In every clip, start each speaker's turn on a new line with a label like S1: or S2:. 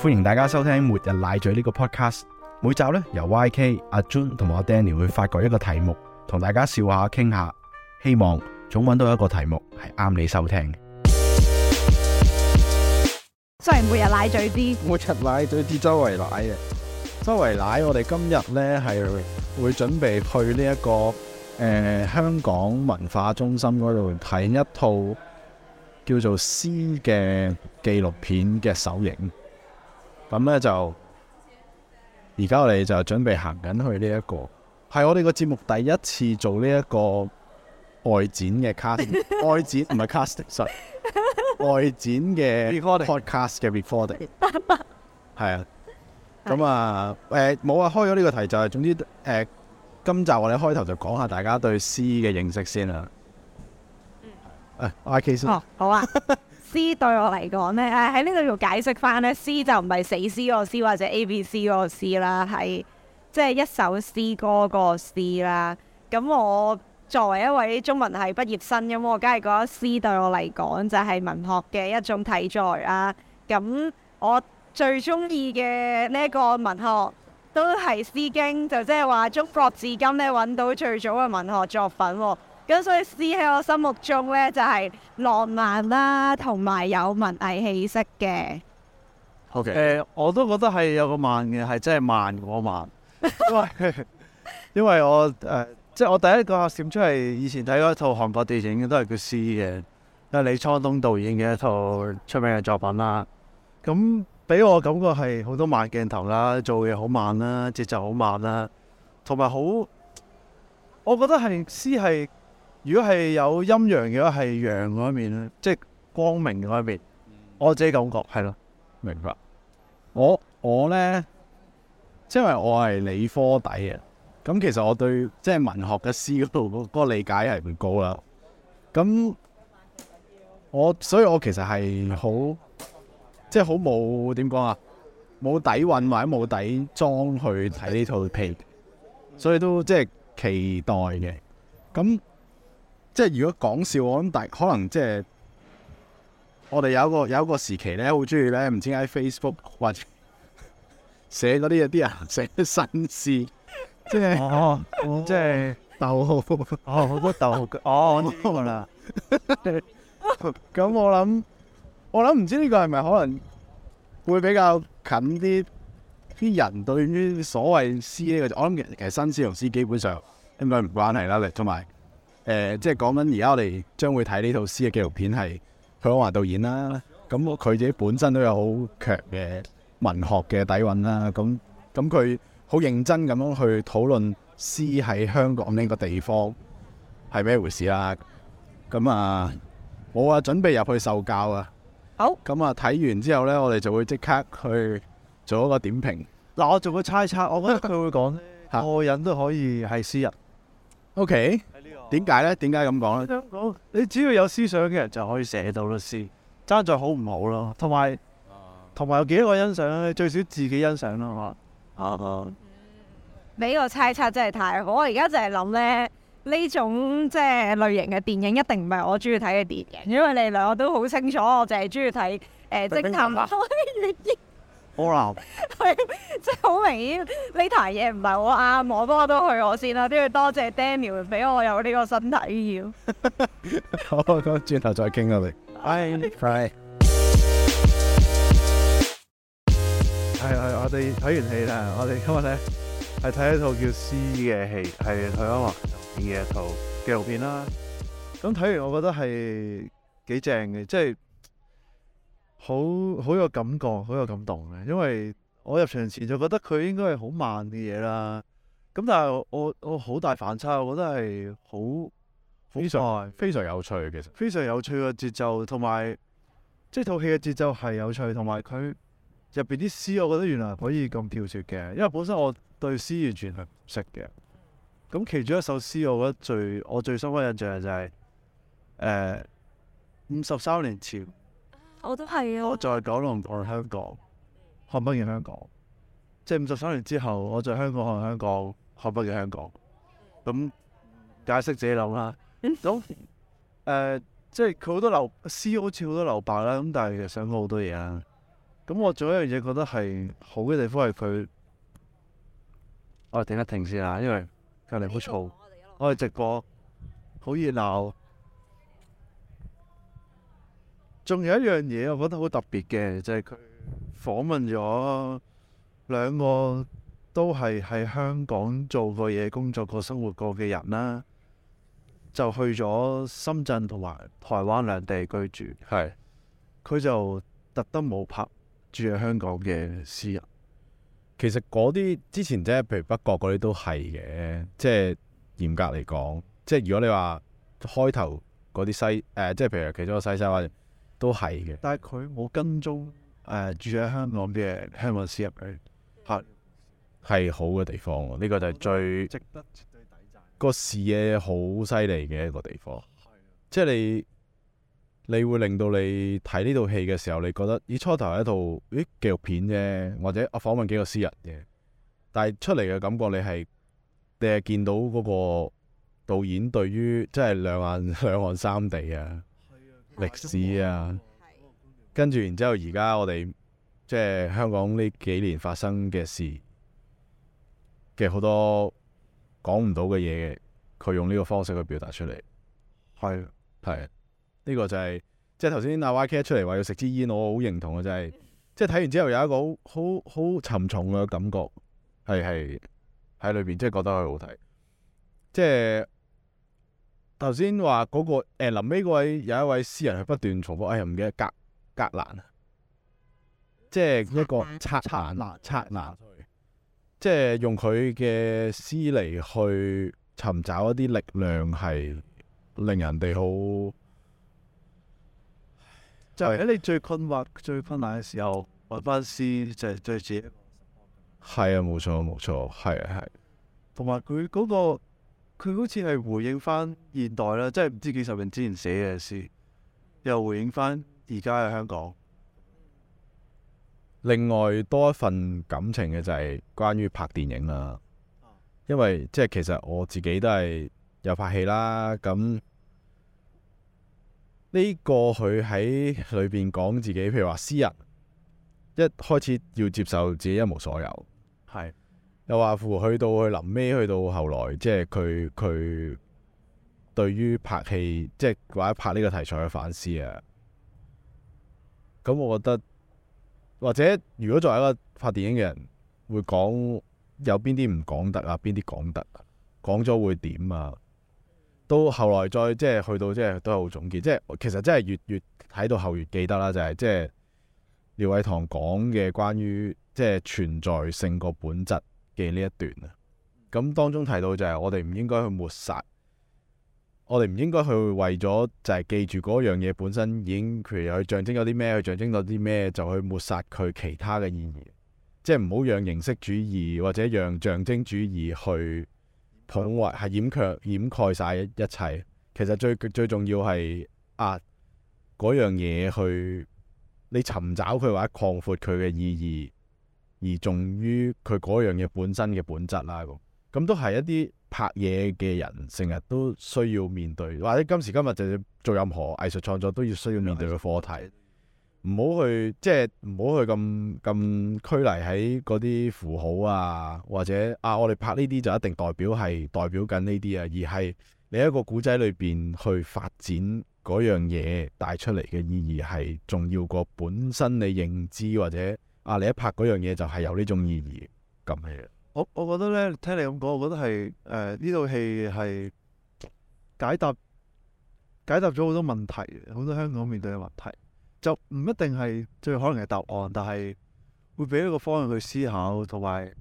S1: 歡迎大家收聽《末日奶嘴》呢、這個 podcast，每集呢由 YK、阿 June 同埋阿 Danny 會發掘一個題目，同大家笑下、傾下，希望總揾到一個題目係啱你收聽。
S2: 雖然每日奶嘴啲，每日奶嘴啲，
S1: 周圍奶嘅，周圍奶。我哋今日呢係會準備去呢、這、一個誒、呃、香港文化中心嗰度睇一套叫做《詩》嘅紀錄片嘅首映。咁、嗯、咧就，而家我哋就準備行緊去呢、這、一個，係我哋個節目第一次做呢一個外展嘅 casting， 外展唔係 casting，外展嘅 podcast 嘅 recording，係啊，咁啊，誒冇啊，開咗呢個題就係，總之誒、嗯，今集我哋開頭就講下大家對詩嘅認識先啊，誒，I K 先
S2: 好啊。 詩對我嚟講咧，喺呢度要解釋翻咧，詩就唔係死屍個屍或者 ABC 個 C 啦，係即係一首詩歌個詩啦。咁我作為一位中文系畢業生，咁我梗係覺得詩對我嚟講就係、是、文學嘅一種體裁啊。咁我最中意嘅呢一個文學都係《詩經》，就即係話中古至今咧揾到最早嘅文學作品喎。咁所以詩喺我心目中咧，就係、是、浪漫啦、啊，同埋有文藝氣息嘅。
S3: O K，誒，我都覺得係有個慢嘅，係真係慢嗰慢 因，因為因為我誒、呃，即係我第一個閃出嚟，以前睇嗰一套韓國電影嘅都係叫詩嘅，因係李滄東導演嘅一套出名嘅作品啦。咁俾我感覺係好多慢鏡頭啦，做嘢好慢啦，節奏好慢啦，同埋好，我覺得係詩係。如果係有陰陽嘅話，係陽嗰一面咧，即係
S1: 光明嗰一面。我自己感覺係咯、嗯，明白。我我咧，因為我係理科底嘅，咁其實我對即係文學嘅詩嗰度嗰個理解係唔高啦。咁我所以，我其實係好即係好冇點講啊，冇底蘊或者冇底裝去睇呢套片，所以都即係期待嘅。咁即係如果講笑，我諗大可能即係我哋有一個有一個時期咧，好中意咧，唔知喺 Facebook 或者寫嗰啲嘢，啲人寫新詩，即係即係
S3: 逗號，哦， 嗯就是、好多逗號嘅，哦呢啦。咁
S1: 我諗，我諗唔知呢個係咪可能會比較近啲啲人對於所謂詩呢個，我諗其實新詩同詩基本上應該唔關係啦，嚟同埋誒、呃，即係講緊而家我哋將會睇呢套詩嘅紀錄片係許鞍華導演啦。咁佢自己本身都有好強嘅文學嘅底蘊啦。咁咁佢好認真咁樣去討論詩喺香港呢個地方係咩回事啦。咁啊，我啊準備入去受教啊。好。咁啊睇完之後呢，我哋就會即刻去做一個點評。嗱，我做個猜測，我覺得佢會講咧，個 人都可以係詩人。
S3: O.K. 點解呢？點解咁講呢？香港，你只要有思想嘅人就可以寫到律詩，爭在好唔好咯。同埋，同埋有幾多個欣賞呢？最少自己欣賞咯，係嘛？啊！
S2: 你個猜測真係太好，我而家就係諗呢，呢種即係類型嘅電影一定唔係我中意睇嘅電影，因為你兩個都好清楚，我淨係中意睇誒偵探啊！
S3: 我鬧，
S2: 係即係好明顯呢台嘢唔係好啱我，不過都去我先啦，都要多謝 Daniel 俾我有呢個身體要。
S1: 好，咁轉頭再傾啊，你。Hi，hi。係係，我
S3: 哋睇完戲啦。我哋今日咧係睇一套叫《詩》嘅戲，係許鞍華拍嘅一套紀錄片啦。咁睇完我覺得係幾正嘅，即係。好好有感覺，好有感動嘅，因為我入場前就覺得佢應該係好慢嘅嘢啦。咁但係我我好大反差，我覺得係好好快，非常有趣嘅其實。非常有趣嘅節奏，同埋即套戲嘅節奏係有趣，同埋佢入邊啲詩，我覺得原來可以咁跳脫嘅，因為本身我對詩完全係唔識嘅。咁其中一首詩，我覺得最我最深刻印象就係誒五十三年前。
S2: 我都係啊！我
S3: 在九龍看香港，看北嘅香港。即係五十三年之後，我在香港看香港，看北嘅香港。咁解釋自己諗啦。誒、嗯 呃，即係佢好多流詩，CO、好似好多流白啦。咁但係其實想講好多嘢啊。咁我仲有一樣嘢覺得係好嘅地方係佢。我哋停一停先吓，因為隔籬好嘈。 我哋直播好熱鬧。仲有一樣嘢，我覺得好特別嘅，就係、是、佢訪問咗兩個都係喺香港做過嘢、工作過、生活過嘅人啦，就去咗深圳同埋台灣兩地居住。
S1: 係佢就特登冇拍住喺香港嘅詩人。其實嗰啲之前即、就、係、是、譬如北角嗰啲都係嘅，即係嚴格嚟講，即係如果你話開頭嗰啲西誒、呃，即係譬如其中個西西話。都係嘅，但係佢冇跟蹤、啊、住喺香港嘅香港詩人去係好嘅地方，呢、嗯，這個就係最得值得絕對抵賺個視野好犀利嘅一個地方。即、嗯、係、就是、你你會令到你睇呢套戲嘅時候，你覺得咦初頭係一套咦紀錄片啫，或者我訪問幾個詩人嘅，但係出嚟嘅感覺你係你係見到嗰個導演對於即係、就是、兩岸兩岸三地啊。歷史啊，跟住然之後現在，而家我哋即係香港呢幾年發生嘅事嘅好多講唔到嘅嘢，佢用呢個方式去表達出嚟。係係，呢、這個就係、是、即係頭先阿 YK 出嚟話要食支煙，我好認同嘅，就係、是、即係睇完之後有一個好好好沉重嘅感覺，係係喺裏面，即係覺得佢好睇，即係。頭先話嗰個誒，臨尾嗰位有一位詩人係不斷重複，誒、哎、唔記得格格蘭啊，即係一個策蘭策蘭，即係用佢嘅詩嚟，去尋找一啲力量，係令人哋好就喺、是、你最困惑、最困難嘅時候，搵翻詩就對自己係啊，冇錯冇錯，係啊係，
S3: 同埋佢嗰個。佢好似係回應翻現代啦，即係唔知幾十年之前寫嘅詩，又回應翻而家嘅香港。
S1: 另外多一份感情嘅就係關於拍電影啦，因為即係其實我自己都係有拍戲啦，咁呢個佢喺裏邊講自己，譬如話詩人一開始要接受自己一無所有。係。又話乎去到去臨尾，去到後來，即係佢佢對於拍戲，即係或者拍呢個題材嘅反思啊。咁我覺得，或者如果作為一個拍電影嘅人，會講有邊啲唔講得啊？邊啲講得啊？講咗會點啊？到後來再即係去到即係都有好總結，即係其實真係越越睇到後越記得啦。就係、是、即係廖偉棠講嘅關於即係存在性個本質。呢一段啊，咁當中提到就係我哋唔應該去抹殺，我哋唔應該去為咗就係記住嗰樣嘢本身已經，譬如佢象徵咗啲咩，去象徵咗啲咩，就去抹殺佢其他嘅意義，即係唔好讓形式主義或者讓象徵主義去捧壞，係掩卻掩蓋晒一,一切。其實最最重要係壓嗰樣嘢去，你尋找佢或者擴闊佢嘅意義。而重於佢嗰樣嘢本身嘅本質啦，咁咁都係一啲拍嘢嘅人成日都需要面對，或者今時今日就要做任何藝術創作都要需要面對嘅課題。唔好去即係唔好去咁咁拘泥喺嗰啲符號啊，或者啊，我哋拍呢啲就一定代表係代表緊呢啲啊，而係你一個古仔裏邊去發展嗰樣嘢帶出嚟嘅意義係重要過本身你認知或者。啊！你一拍嗰樣嘢就係有呢種意義，咁樣。
S3: 我我覺得呢，聽你咁講，我覺得係誒，呢套戲係解答解答咗好多問題，好多香港面對嘅問題，就唔一定係最可能嘅答案，但係會俾一個方向去思考，同埋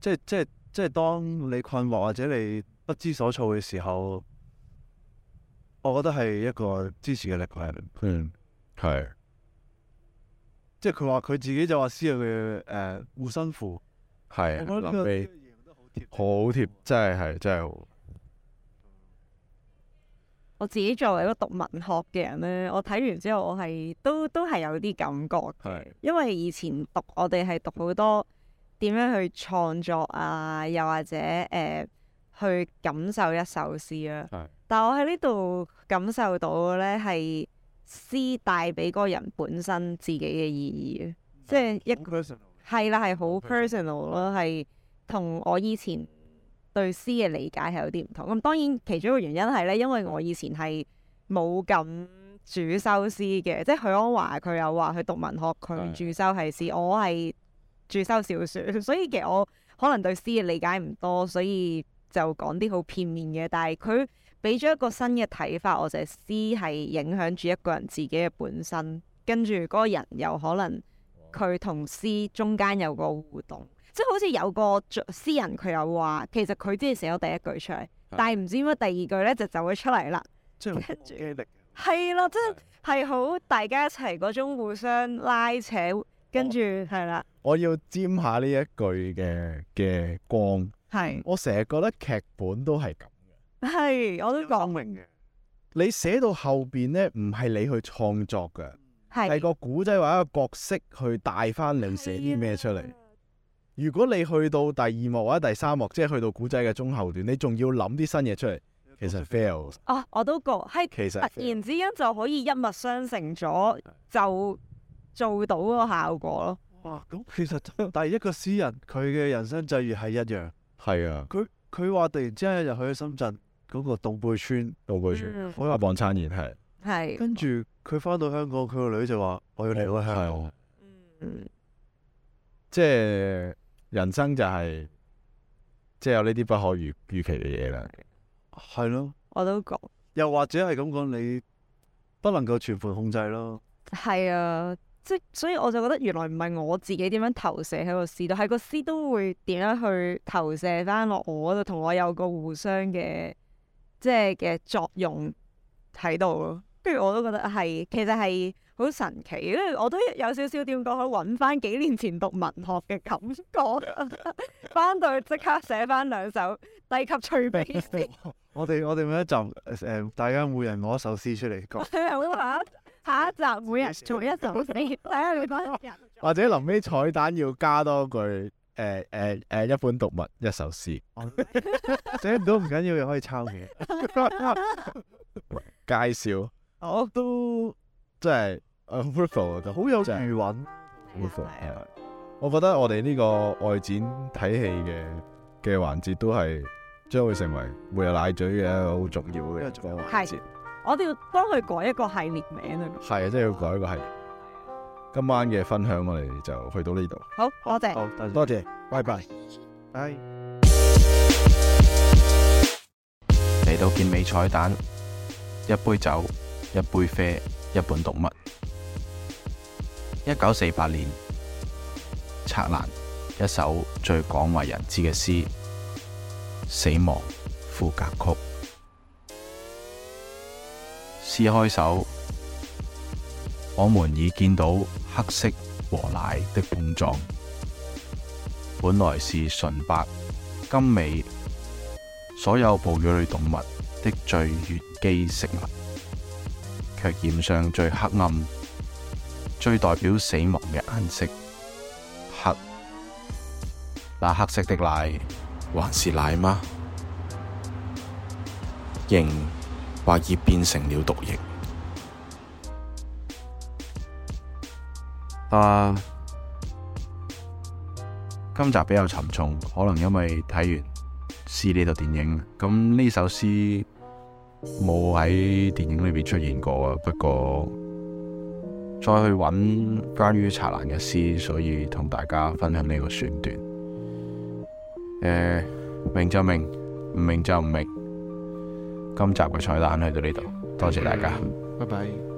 S3: 即係即係即係當你困惑或者你不知所措嘅時候，我覺得係一個支持嘅力量。
S1: 嗯，係。
S3: 即係佢話佢自己就話詩係佢誒護身符，
S1: 係、呃、啊，好貝，好貼，貼，真係係、嗯、真係
S2: 好。我自己作為一個讀文學嘅人呢，我睇完之後我係都都係有啲感覺嘅，因為以前讀我哋係讀好多點樣去創作啊，又或者誒、呃、去感受一首詩啊。但係我喺呢度感受到呢，係。詩帶俾嗰個人本身自己嘅意義即係、就是、一個係啦，係好 personal 咯，係同我以前對詩嘅理解係有啲唔同。咁當然其中一個原因係咧，因為我以前係冇咁主修詩嘅，即係許鞍華佢有話佢讀文學，佢唔主修係詩，我係主修小説，所以其實我可能對詩嘅理解唔多，所以就講啲好片面嘅。但係佢俾咗一個新嘅睇法，我就詩係影響住一個人自己嘅本身，跟住嗰個人又可能佢同詩中間有個互動，即係好似有個詩人佢又話，其實佢之前寫咗第一句出嚟，但係唔知點解第二句咧就走咗出嚟啦、就是。跟住係咯，真係好大家一齊嗰種互相拉扯，跟住係啦。我要沾下呢一
S1: 句嘅嘅光，係我成日覺得劇本都係咁。
S2: 係，我都講明嘅。
S1: 你寫到後邊呢，唔係你去創作嘅，係個古仔或者一個角色去帶翻你寫啲咩出嚟、啊。如果你去到第二幕或者第三幕，即係去到古仔嘅中後段，你仲要諗啲新嘢出嚟，其實 fail。哦、
S2: 啊，我都覺喺，其實突然之間就可以一脈相承咗，就做到個效果咯。哇，咁
S3: 其實第一個詩人佢嘅 人生際遇係一樣，係啊。佢佢話突然之間一日去咗深圳。嗰、那個洞背村，洞背村、嗯、我話黃燦然，係係。跟住佢翻到香港，
S1: 佢個女就話：我要離開香港。嗯，即、就、係、是、人生就係即係有呢啲不可預預期嘅嘢啦。
S3: 係咯，我都覺。又或者係咁講，你不能夠全盤控制咯。
S2: 係啊，即係所以我就覺得原來唔係我自己點樣投射喺個詩度，係個詩都會點樣去投射翻落我度，同我有個互相嘅。即係嘅作用喺度咯，跟住我都覺得係，其實係好神奇，因為我都有少少點講，可以揾翻幾年前讀文學嘅感覺，翻 到去即刻寫翻兩首低級趣味詩。 我
S3: 哋我哋每一集誒，大家每人攞一首詩出嚟講。
S2: 好啊，下一集每人做一首睇下你講。
S1: 或者臨尾彩蛋要加多句。誒誒誒，一本讀物，一首詩，寫唔到唔緊要，可以抄嘅。 介紹，我都即係好 b i 就好有餘韻。b i 係我覺得我哋呢個外展睇戲嘅嘅環節，都係將會成為每日奶嘴嘅好重要嘅一個環節。係，
S2: 我哋要幫佢改一個系列名啊。係啊，即
S1: 係、就是、要改一個系列。今晚嘅分享我哋就去到呢度，
S2: 好多謝，謝，
S1: 多謝，謝，謝，謝，拜拜，係。嚟到結尾彩蛋，一杯酒，一杯啡，一本讀物。一九四八年，策蘭一首最廣為人知嘅詩《死亡》賦格曲，詩開首。我們已見到黑色和奶的碰撞，本來是純白、甘美，所有哺乳類動物的最月肌食物，卻染上最黑暗、最代表死亡嘅顏色黑。那黑色的奶還是奶嗎？凝或已變成了毒液。
S2: 啊，今
S1: 集比較沉重，可能因為睇完詩呢套電影，咁呢首詩冇喺電影裏邊出現過啊。不過再去揾關於策蘭嘅詩，所以同大家分享呢個選段。誒、呃，明就明，唔明就唔明。今集嘅彩蛋去到呢度，多謝大家，拜
S3: 拜。